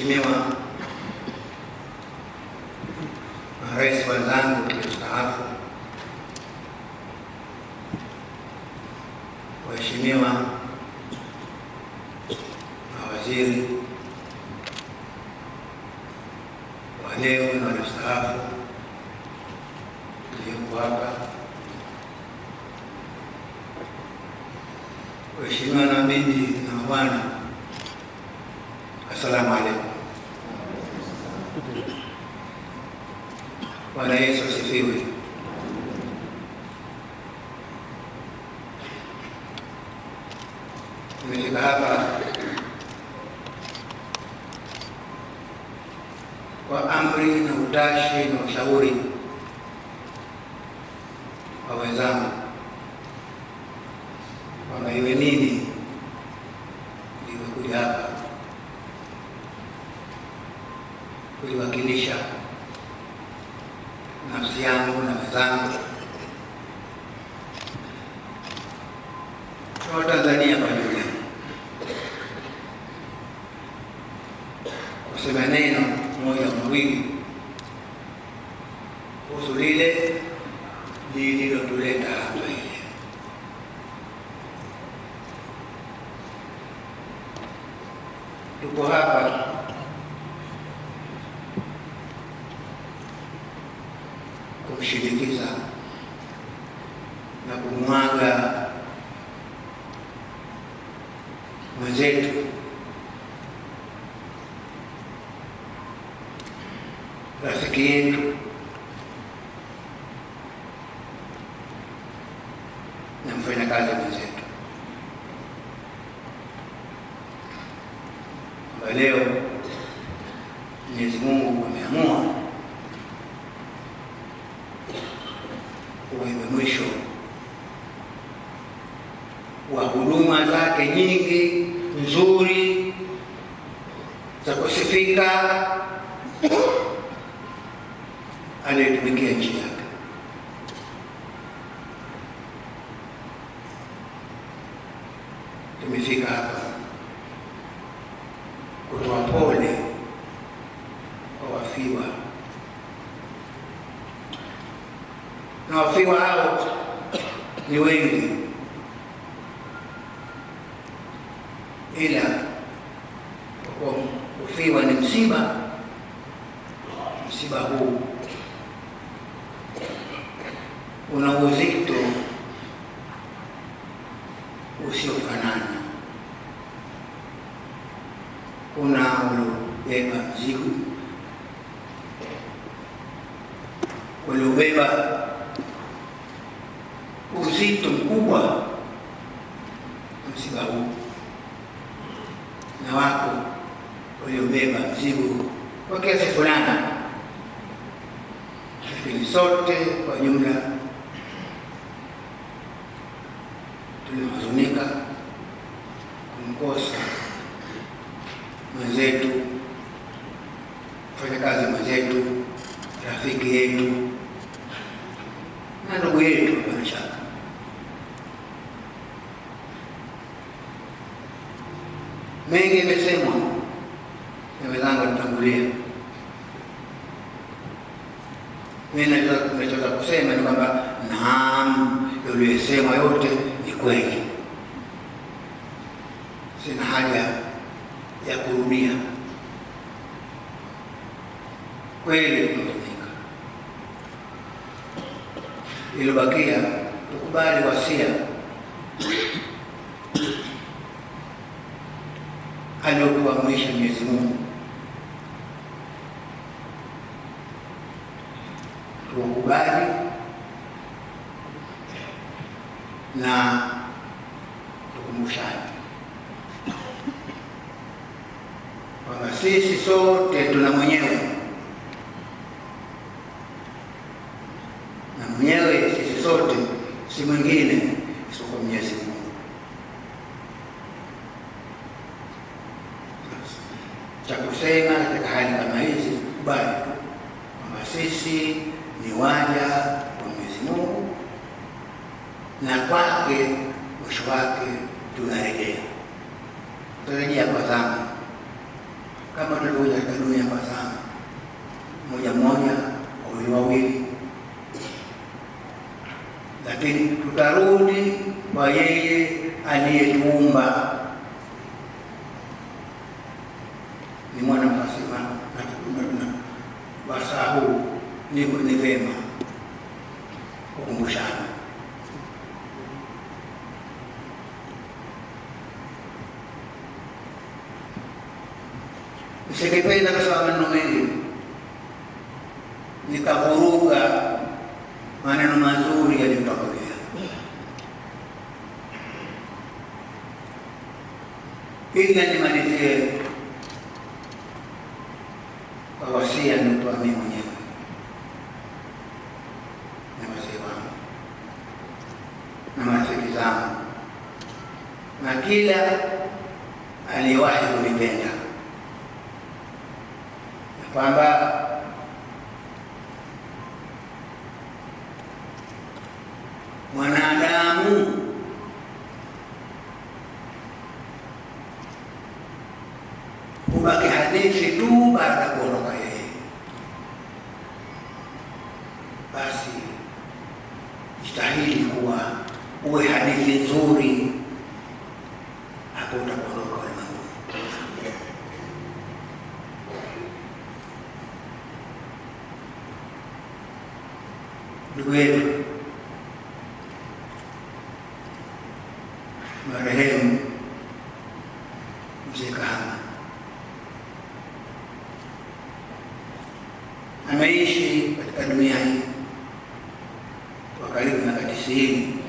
Mheshimiwa marais wenzangu tulistaafu, waheshimiwa mawaziri waleo na waliostaafu iliyoko hapa, waheshimiwa na bibi na mabwana, assalamu alaikum. Bwana Yesu asifiwe. Nimefika hapa kwa amri na utashi na ushauri wa wenzangu kwamba iwe nini nilikuja hapa kuiwakilisha nafsi yangu na wenzangu tanzania Watanzania kwa jumla kusema neno moja mawili kuhusu lile lililotuleta hapa ile. Tuko hapa kushirikisha na kumwaga mwenzetu rafiki yetu na mfanyakazi mwenzetu. Kwa leo Mwenyezi Mungu ameamua wewe mwisho wa huduma zake nyingi nzuri za kusifika anayetumikia nchi yake. Tumefika hapa kutoa pole kwa wafiwa na wafiwa hao ni wengi, ila kufiwa ni msiba, msiba huu una uzito usiofanana, kuna uliobeba mzigo, uliobeba uzito mkubwa msiba huu na wako waliobeba mzigo kwa kiasi fulani, lakini sote kwa jumla tulihuzunika kumkosa mwenzetu, mfanyakazi mwenzetu, rafiki yetu na ndugu yetu mengi imesemwa na wenzangu nitangulia. Mimi kusema ni kwamba naam, yaliyosemwa yote ni kweli, sina haja ya kurudia. Kweli kumefanyika, ilobakia tukubali wasia mwisho Mwenyezi Mungu. tukubali na tukumbushane kwamba sisi sote tuna mwenyewe na mwenyewe, sisi sote si mwingine isipokuwa Mwenyezi Mungu. sisi ni waja wa Mwenyezi Mungu na kwake mwisho wake tunarejea, tutarejea kwa zama kama tulivyokuja katika dunia kwa zama moja moja, wawili wawili, lakini tutarudi kwa yeye aliyetuumba. Ni mwana mfasima na wasahu huu ni, ni wema kukumbushana. Sikipenda sababu maneno mengi, nikavuruga maneno mazuri yaliyotangulia. Ili nimalizie nilizaliwa mimi mwenyewe na wazee wangu na marafiki zangu na kila aliyewahi kunipenda, na kwamba mwanadamu akili kuwa uwe hadithi nzuri, hapo utakuondoka ulimwengu. Ndugu yetu marehemu Mzee Kahama ameishi katika dunia hii seeing